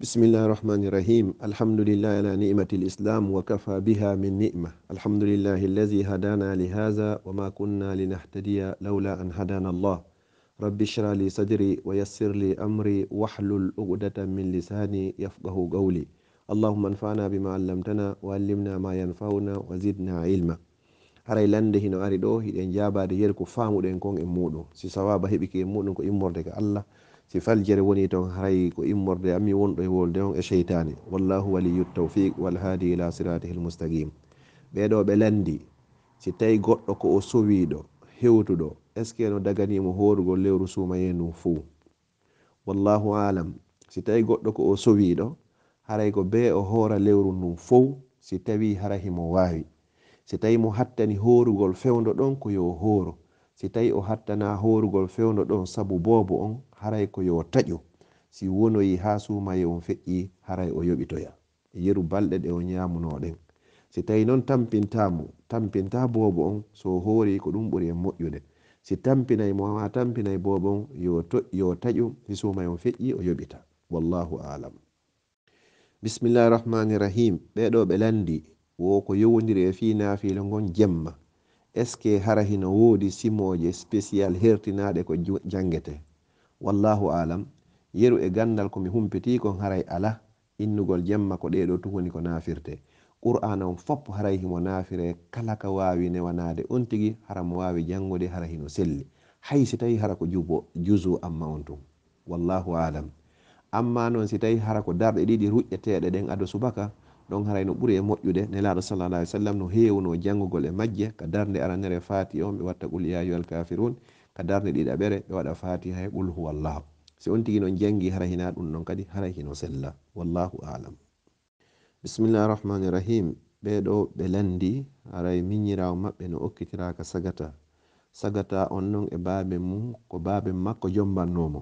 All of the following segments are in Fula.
بسم الله الرحمن الرحيم الحمد لله على نعمة الإسلام وكفى بها من نعمة الحمد لله الذي هدانا لهذا وما كنا لنهتدي لولا أن هدانا الله رب اشرح لي صدري ويسر لي أمري واحلل عقدة من لساني يفقه قولي اللهم انفعنا بما علمتنا وعلمنا ما ينفعنا وزدنا علما أري لنده هنا ari ɗo hiɗen jabade yeru ko famuɗen سي e muɗum si sawaba heeɓi ke e muɗum تفلجر ونيتون هريك إمر دامي ونري ولدون الشيطان إيه والله ولي التوفيق والهادي إلى صراطه المستقيم بيدو بلندي تتاي قطو كو أسوي دو هيوتو دو اسكي نو دغاني مهور غو لي رسوما ينو فو والله عالم تتاي قطو كو أسوي دو هريكو بي أو هورا لي رنو فو تتاي هرهي مواهي تتاي مو حتى ني هورو غو الفيون دون كو يو هورو si tawi o hattana horugol fewno ɗon sabu boobo on haray ko yo taƴo si wonoyi ha sumaye on feƴƴi haray o yoɓitoya e yeru balɗe ɗe o yamunoɗen si tawi noon tampintamo tampinta boobo on so hoori ko ɗum ɓuri en moƴƴude si tampinayi moma tampinayi boobo on yo taƴo si sumaye on feƴƴi o yoɓita wallahu alam bismillahi rahmani rahim ɓeɗo ɓe landi wo ko yowodiri e fi nafilo ngon jemma est ce que hara hino woodi simooje spécial hertinaaɗe ko janngete wallahu alam yeru e ganndal ko mi humpiti kon haray ala innugol jemma ko ɗeɗo tu woni ko naafirte qur'an on fopp haray himo naafire kala ka waawi newanaade on tigi hara mo waawi janngude hara hino selli hay si tawi hara ko jubo juzu amma on tun wallahu alam amma noon si tawi hara ko darɗe ɗiɗi ruƴƴeteeɗe ɗen ado subaka ɗon harayno ɓuuri e moƴƴude ne laaɗo sallallah ali sallam no heewno janngugol e majje ka darde aranere faati on ɓe watta qul yayu al kafirun ka darde ɗiɗa ɓere ɓe waɗa fatiha e qul huwa llah si on tigi noon janngi hara hina ɗum noon kadi hara hino sella wallahu alam bisimillah arrahmani irrahim ɓeɗo ɓe landi aray miñirawo maɓɓe no okkitiraka sagata sagata on noon e baabe mum ko baabe makko jombannomo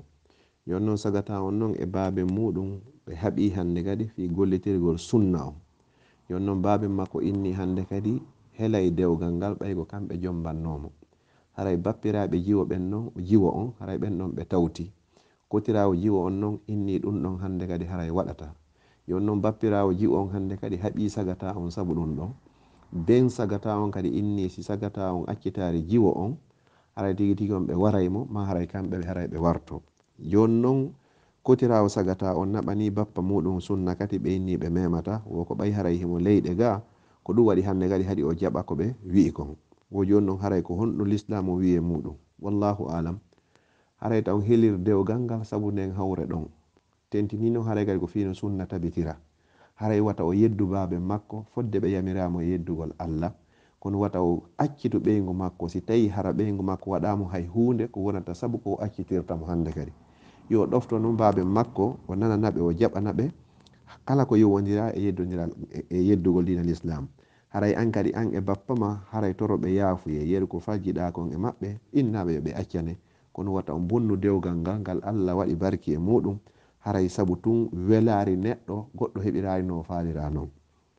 yon noon sagata on noon e baabe muɗum ɓe haɓi hande kadi fi gollitirgol sunna o yon noon baabe makko inni hande kadi hela e dewgal ngal ɓay ko kamɓe jombannomo haray bappiraɓe jiwo ɓennon jiwo on haray ɓen ɗon ɓe tawti kotirawo jiwo on noon inni ɗum ɗon hande kadi haray waɗata yon noon bappirawo jiwo on hande kadi haɓi sagata on saabu ɗum ɗon ben sagata on kadi inni si sagata on accitari jiwo on haray tigi tigi on ɓe waraymo ma haray kamɓe haray ɓe warto jon non kotirawo sagata on naɓani bappa muɗum sunna kati ɓe inni ɓe memata woko ɓay haray himo leyɗe ga ko ɗum waɗi hande kadi haɗi o jaɓa koɓe wi'i kon o joni non haray ko honɗo l'islam o wiye muɗum wallahu alam haray taw helir dew galngal sabu nden hawre ɗon tentini non haray kadi ko fino sunna tabitira haray wata o yeddu baɓe makko fodde ɓe yamirama e yeddugol allah kono wata o accitu ɓeygu makko si tawi hara ɓeygu makko waɗamo hay hunde ko wonata sabu ko o accitirtamo hande kadi yo ɗofto noon mbaɓe makko o nananaɓe o jaɓanaɓe kala ko yowodira e yeddodiral e yeddugol dinal islam haray an kadi an e bappama haray toroɓe yaafuye yeru ko fajjiɗa kon e maɓɓe innaɓe yoɓe accane kono wata on bonnu dewgal ngal ngal allah waɗi barki e muɗum haray saabu tun welari neɗɗo goɗɗo heɓirari no falira noon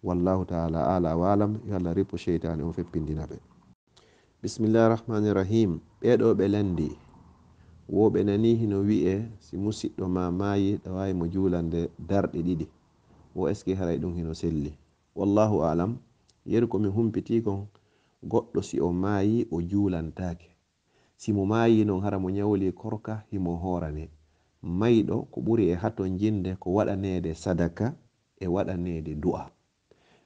wallahu taala ala walam yo allah rippo cheytani on feppindinaɓe bisimillahi rahmani irrahim ɓeɗo ɓe landi woɓe nani hino wi'e si musiɗɗo ma maayi ɗa wawi mo julande darɗe ɗiɗi wo est ce que haray ɗum hino selli wallahu alam yeru komi humpitikon goɗɗo si o maayi o julantake simo maayi noon hara mo ñawli korka himo horane mayɗo ko ɓuri e haton jinde ko waɗanede sadaka e waɗanede du'a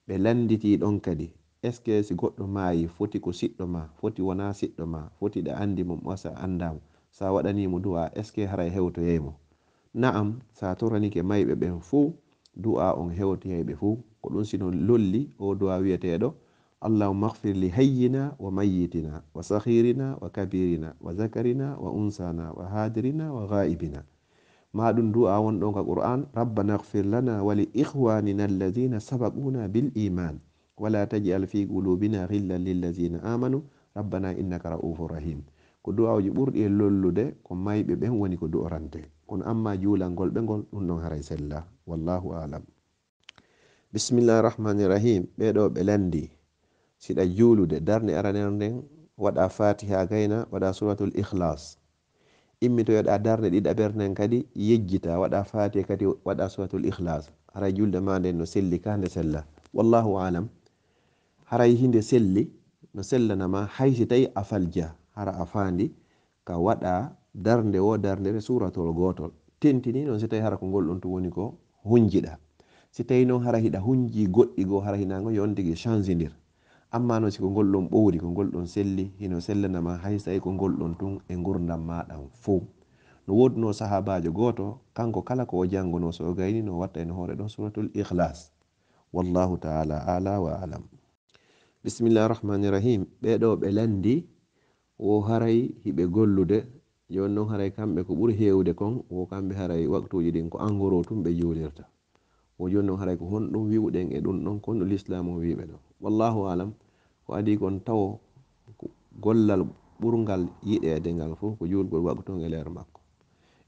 ɓe landiti ɗon kadi est ce que si goɗɗo maayi foti ko siɗɗo ma foti wona siɗɗo ma foti ɗa andi mo masa andamo sa waɗanimo du'a eske haray hewtoyeymo na'am sa torranike mayɓe ɓen fuu du'a on hewtoyeyɓe fuu ko ɗum sino lolli o du'a wiyeteɗo allahuma hfir li hayyina wa mayyitina wa sahirina wa kabirina wa zakarina wa unsana wa hadirina wa ghaibina ma ɗum du'a wonɗon ka qur'an rabbana hfir lana wa li ihwanina alladina sabaquna bil iman wala tajal fi qulubina ghillan lillazina amanu rabbana innaka ra'ufur rahim ko du'aji ɓurɗi e lollude ko mayɓe ɓen woni ko du'orante kono amma juulalngol ɓe ngol ɗum ɗon haray sella wallahu alam bisimillahi rahmani irrahim ɓeɗo ɓe landi siɗa juulude darde aranere nden waɗa fatiha gayna waɗa suratul ihlas immitoyoɗa darde ɗiɗa ɓernden kadi yejjita waɗa fatiha kadi waɗa suratul ihlas haray julde ma nden no selli ka nde sella wallahu alam haray hinde selli no sellanama hay si tawi afal dia hara a faandi ka waɗa darnde wo darndere suratol gotol tentini noon si tawi hara ko ngol ɗon tum woni ko hunjiɗa si tawi noon hara hiɗa hunji goɗɗi goo hara hinago yon tigi changedir amma noon siko ngol ɗon ɓowri ko ngol ɗon selli hino sellanama hay so tawi ko ngol ɗon tun e gurdam maɗan fou no woduno sahabajo goto kanko kala ko o janguno so o gayni no watta en hoore ɗon suratul ikhlas wallahu taala ala wa alam bisimillahi rahmani rahim ɓeɗo ɓe landi wo haray hiɓe gollude joni noon haray kamɓe ko ɓuuri hewde kon wo kamɓe haray waktuji ɗin ko engoro tum ɓe juulirta wo joni noon haray ko hon ɗum wiwɗen e ɗum ɗon kon ɗo l'islam o wiɓe ɗo wallahu alam ko adi kon taw gollal ɓurgal yiɗede ngal fof ko juulgol waktun e leer makko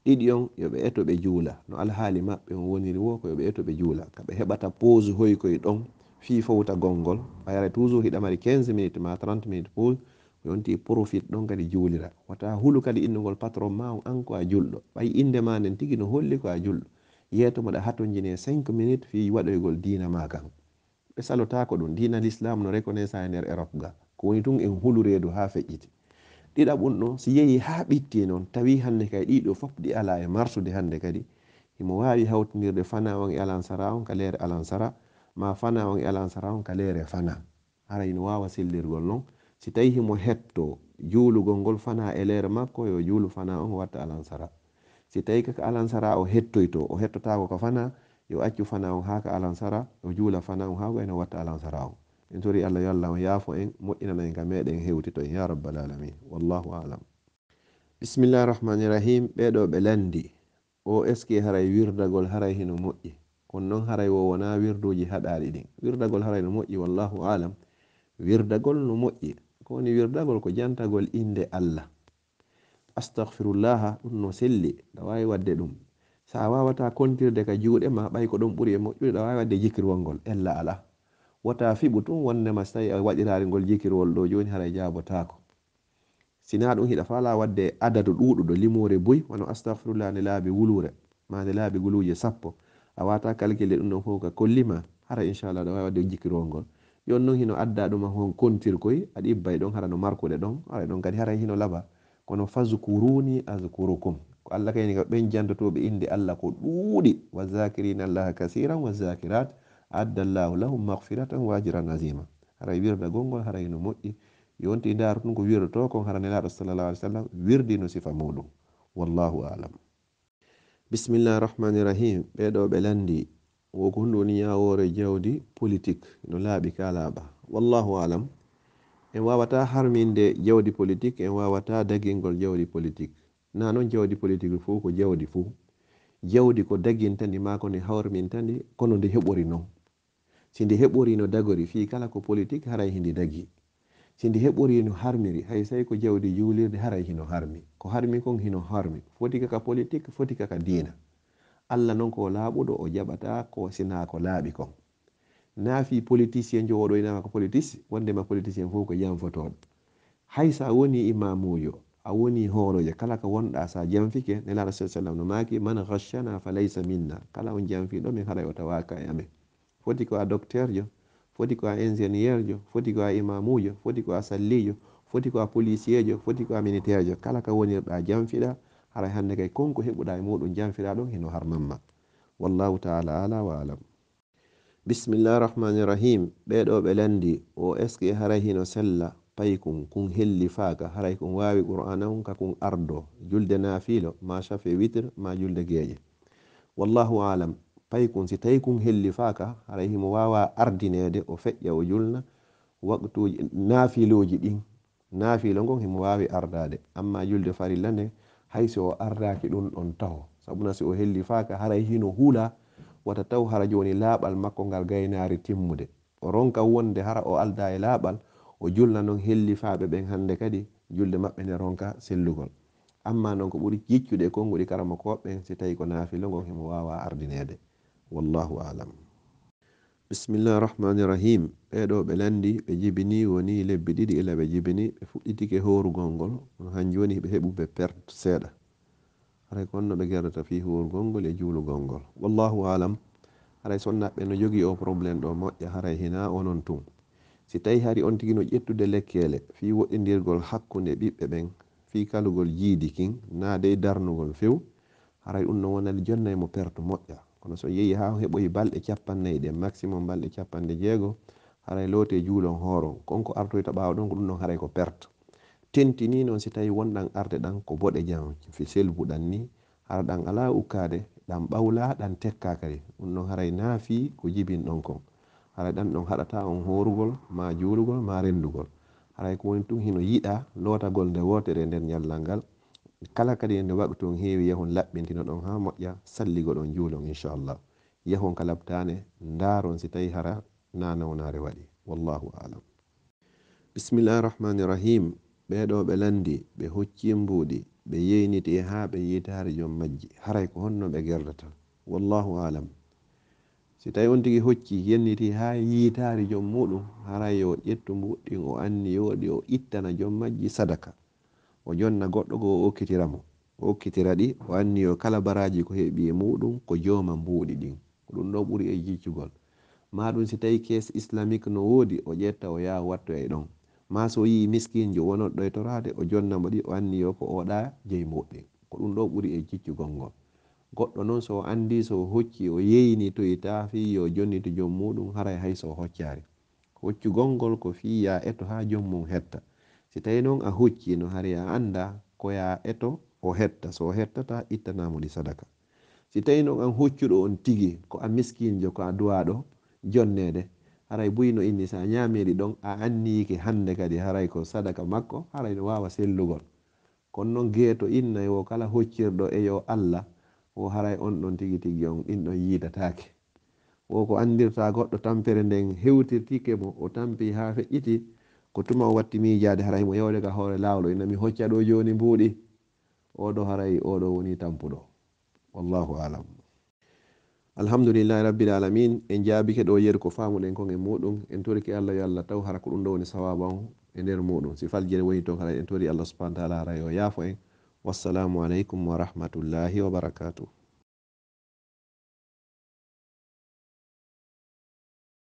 ɗiɗi on yoɓe eto ɓe juula no alhaali maɓɓe on woniri wo ko yoɓe eto ɓe juula kaɓe heɓata pose hoykoye ɗon fi fowta gongol ɓayare toujours hiɗa mari 15 minute ma 30 minute pose yonti profit ɗon kadi juulira wata hulu kadi innugol patron ma an ko a julɗo ɓay inde ma nden tigi no holli ko a julɗo yeetomaɗa hatojine cinq minute fi waɗoygol dina ma kan ɓe salotako ɗum dina l'islam no reconnaissa e nder europe ga ko woni tun en hulureedu ha feƴƴiti ɗiɗa ɓum ɗo si yehi ha ɓitti noon tawi hannde kay ɗiɗo fof ɗi ala e marsude hannde kadi imo wawi hawtinirde fana on e alansara on ka leere alansara ma fana on e alansara on ka leere fana haray no wawa sillirgol noon si tawi himo hetto juulugol ngol fana e leere makko yo juulu fana on watta alansara si tawi kaka alansara o hettoyto o hettotako ka fana yo accu fana on haa ka alansara o juula fana on haako ene watta alansara o en tori allah yo allah on yaafo en moƴƴinana en ka meɗen hewtito en ya rabbal alamin wallahu alam bisimillahi rahmani irahim ɓeɗo ɓe landi o eski haray wirdagol haray hino moƴƴi kono noon haray wo wona wirduji haɗaɗi ɗin wirdagol haray no moƴƴi wallahu alam wirdagol no moƴƴi kowoni wirdagol ko jantagol inde allah astahfirullaha ɗum no selli ɗa wawi wadde ɗum sa a wawata kontirde ka juuɗema ɓay ko ɗon ɓuuri e moƴƴude ɗa wawi wadde jikirwolngol ella ala wata fiɓu tun wondema so tawi a waɗirari ngol jikirwol ɗo joni haray jabotako sina ɗum hiɗa fala wadde adadu ɗuɗuɗo limore buy wono astahfirullah ne laabi wulure ma nde laabi guluje sappo a wata calcule ɗum ɗon fof ka kollima hara inchallah ɗa wawi wadde jikirwolngol yonnon hino adda ɗum ahon kontir koy aɗa ibbay e ɗon hara no markude ɗon aɗa e ɗon kadi haran e hino laaɓa kono fazkuruni azkurukum ko allah kayni ka ɓen jandotoɓe inde allah ko ɗuuɗi wa zakirina allaha kasiran wa zakirat adda llahu lahum mahfiratan wa ajiran azima hara wirda gongol hara hino moƴƴi yonti ndaaro tun ko wirdoto kon hara nelaɗo salallah alih sallam wirdi no sifa muɗum wallahu alam bismillahi rahmani rahim ɓeɗo ɓe landi woko hunɗu ni yawore jawdi politique no laaɓi ka laaɓa wallahu alam en wawata harminde jawdi politique en wawata dagingol jawdi politique na noon jawdi politique fo ko jawdi fo jawdi ko dagintandi mako ni hawrmintandi kono nde heɓori noon si nde heɓori no dagori fi kala ko politique haray hindi dagi si nde heɓori no harmiri hay say ko jawdi juulirde haray hino harmi ko harmi kon hino harmi foti kaka politique foti kaka diina allah non ko laaɓuɗo o jaɓata ko sina ko laaɓi kon naafi politicien jo oɗo inama ko politique wondema politicien fof ko janfotoɗo hay sa woni imamujo a woni hooroje kala ko wonɗa sa janfike nelaɗo rasul sallam no maaki man ghashana fa laysa minna kala on janfiɗo min haray o tawaka e amen foti ko a docteur jo foti ko a ingénieur jo foti ko a imamujo foti ko a sallijo foti ko a policier jo foti ko a militaire jo kala ko wonirɗa janfiɗa hara hande kay konko heɓuɗa e moɗum jamfira ɗon heno har mamma wallahu taala ala wa alam bisimillahi rahmani irrahim ɓeɗo ɓe landi o est ce que haray hino sella pay kum kum helli faaka haray kum wawi qur'an on ka kum ardo julde naafilo ma chafe witre ma julde geeƴe wallahu alam pay kum si tawi kum helli faaka haray himo wawa ardinede o feƴƴa o julna waktuji naafiloji ɗin naafilo ngon himo wawi ardade amma julde farilla nde hayso o ardaki ɗum ɗon taho sabuna si o helli faka haray hino hula wata taw hara joni laɓal makko ngal gaynari timmude o ronka wonde hara o alda e laɓal o julna non helli faɓe ɓen hande kadi julde maɓɓe nde ronka sellugol amma non ko ɓuuri yiccuɗe konguɗi karama koɓɓen si tawi ko naafilogon himo wawa ardinede wallahu alam bisimillah rahmani rahim ɓeɗo ɓe landi ɓe jibini woni lebbi ɗiɗi ila ɓe jibini ɓe fuɗɗitike horugol ngol on hanji woni ɓe heɓu ɓe perte seeɗa haray konno ɓe gerdata fi horugol ngol e juulugol ngol wallahu alam haray sonnaɓe no jogui o probléme ɗo moƴƴa haray hina onon tun si tawi hari on tigui no ƴettude lekkele fi woɗɗidirgol hakkude ɓiɓɓe ɓen fi kalugol jiidi kin na dey darnugol few haray ɗum no wonani jonnay mo perte moƴƴa kono so yehi ha heɓoyi balɗe capannayyi ɗe maximum balɗe capanɗe jeego haray loote juulon hooro konko artoy to ɓaawa ɗon ko ɗum ɗon haray ko perte tenti ni noon si tawi wonɗan arde ɗan ko boɗe jan selbuɗan ni hara ɗan ala ukkade ɗan ɓawla ɗan tekka kadi ɗum ɗon haray naafi ko jibin ɗon kon haray ɗan ɗon haɗata on horugol ma juulugol ma renndugol haray ko woni tun hino yiɗa lootagol nde wootere nden ñallal ngal kala kadi ende waɓi toon heewi yahon laɓɓintino ɗon ha moƴƴa salligo ɗon juulon inchallah yahon kalabtane ndaron si tawi hara na nawnare waɗi wallahu alam bismillahi irrahmani irrahim ɓeɗo ɓe landi ɓe hocci mbuuɗi ɓe yeyniti ha ɓe yitaare jom majji haray ko honno ɓe gerdata wallahu alam si tawi on tigi hocci yenniti ha yiitaari jom muɗum haray yo ƴettu mbuɗɗin o anni yoɗi o ittana jom majji sadaka o jonna goɗɗo go o okkitira mo o okkitira ɗi o anni o kala baraji ko heɓi e muɗum ko joma mbuɗi ɗin ko ɗum ɗo ɓuri e jiccugol ma ɗum si tawi kase islamique no woodi o ƴetta o yaha watto e ɗon ma so yi miskinjo wonoɗɗo e torade o jonna mo ɗi o anni o ko oɗa jeyi mbuɗɗi ko ɗum ɗo ɓuri e jiccugol ngol goɗɗo noon so o andi so o hocci o yeyini toyi ta fi yo jonni to jom muɗum haray hayso o hoccari hoccugol ngol ko fi ya eto ha jom mum hetta si tayinon a huccino har ya anda ko ya eto o hetta so o hettata ittanamo ɗi sadaka si tawinon an huccuɗo on tigi ko a miskinjo ko a duwaɗo jonnede haray buyino inni sa ñameɗi ɗon a anniyike hande kadi haray ko sadaka makko haray no wawa sellugol kon noon geeto innay wo kala huccirɗo e yo allah wo haray on ɗon tigi tigi on ɗinɗon yidatake wo ko andirta goɗɗo tampere nden hewtirtike mo o tampi ha feƴƴiti ko tuma o watti miijade haray mo yewde ka hoore laawol inami hocca ɗo joni mbuuɗi oɗo haray oɗo woni tampuɗo wallahu alam alhamdulillahi rabbil alamin en jaabike ɗo yeru ko famuɗen kon e muɗum en toriki allah yo allah taw hara ko ɗum ɗo woni sawaba on e nder muɗum si faljere woni to haray en tori allah subahana taala haray o yaafo en wassalamu aleykum wa rahmatullahi wa barakatuh